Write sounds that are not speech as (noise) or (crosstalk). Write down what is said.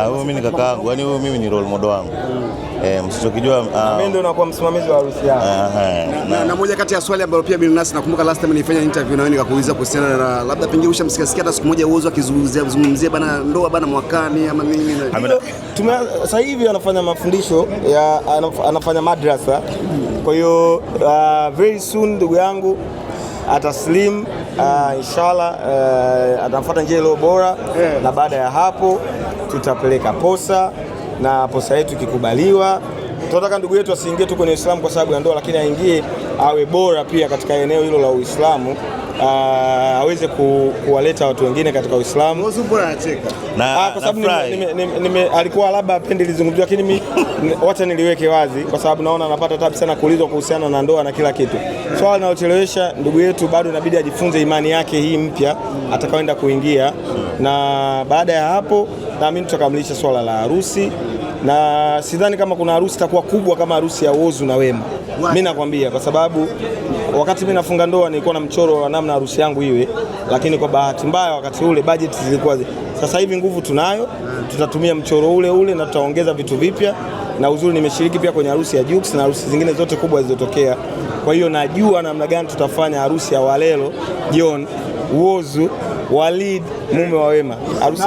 huyo ah, mimi ni yangu, yani huyo mimi ni role model wangu mm. eh, msichokijua ah, mimi ndio nakuwa msimamizi wa harusi yao. Na moja kati ya swali ambalo pia Bilnas, nakumbuka last time nilifanya interview na wewe nikakuuliza kuhusiana na labda pengine ushamsikia sikia hata siku moja uozo akizungumzia zungumzia bana ndoa bana mwakani ama nini. Sasa hivi anafanya mafundisho ya anafanya madrasa, kwa hiyo uh, very soon ndugu yangu ataslim uh, inshallah uh, eh, atafuata njia iliyo bora yeah. Na baada ya hapo tutapeleka posa na posa yetu ikikubaliwa, tunataka ndugu yetu asiingie tu kwenye Uislamu kwa sababu ya ndoa, lakini aingie awe bora pia katika eneo hilo la Uislamu. Uh, aweze ku, kuwaleta watu wengine katika Uislamu na, kwa sababu alikuwa labda apende lizungumzwa, lakini mimi (laughs) wacha niliweke wazi, kwa sababu naona anapata tabu sana kuulizwa kuhusiana na ndoa na kila kitu swala. So, linalochelewesha ndugu yetu bado inabidi ajifunze imani yake hii mpya atakaoenda kuingia, na baada ya hapo naamini tutakamilisha swala la harusi, na sidhani kama kuna harusi itakuwa kubwa kama harusi ya Whozu na Wema. Mimi nakwambia kwa sababu wakati mimi nafunga ndoa nilikuwa na mchoro wa namna harusi yangu iwe, lakini kwa bahati mbaya wakati ule budget zilikuwa. Sasa hivi nguvu tunayo, tutatumia mchoro ule ule na tutaongeza vitu vipya, na uzuri nimeshiriki pia kwenye harusi ya Jux na harusi zingine zote kubwa zilizotokea. Kwa hiyo najua namna gani tutafanya harusi ya Walelo John Whozu Walid mume wa Wema harusi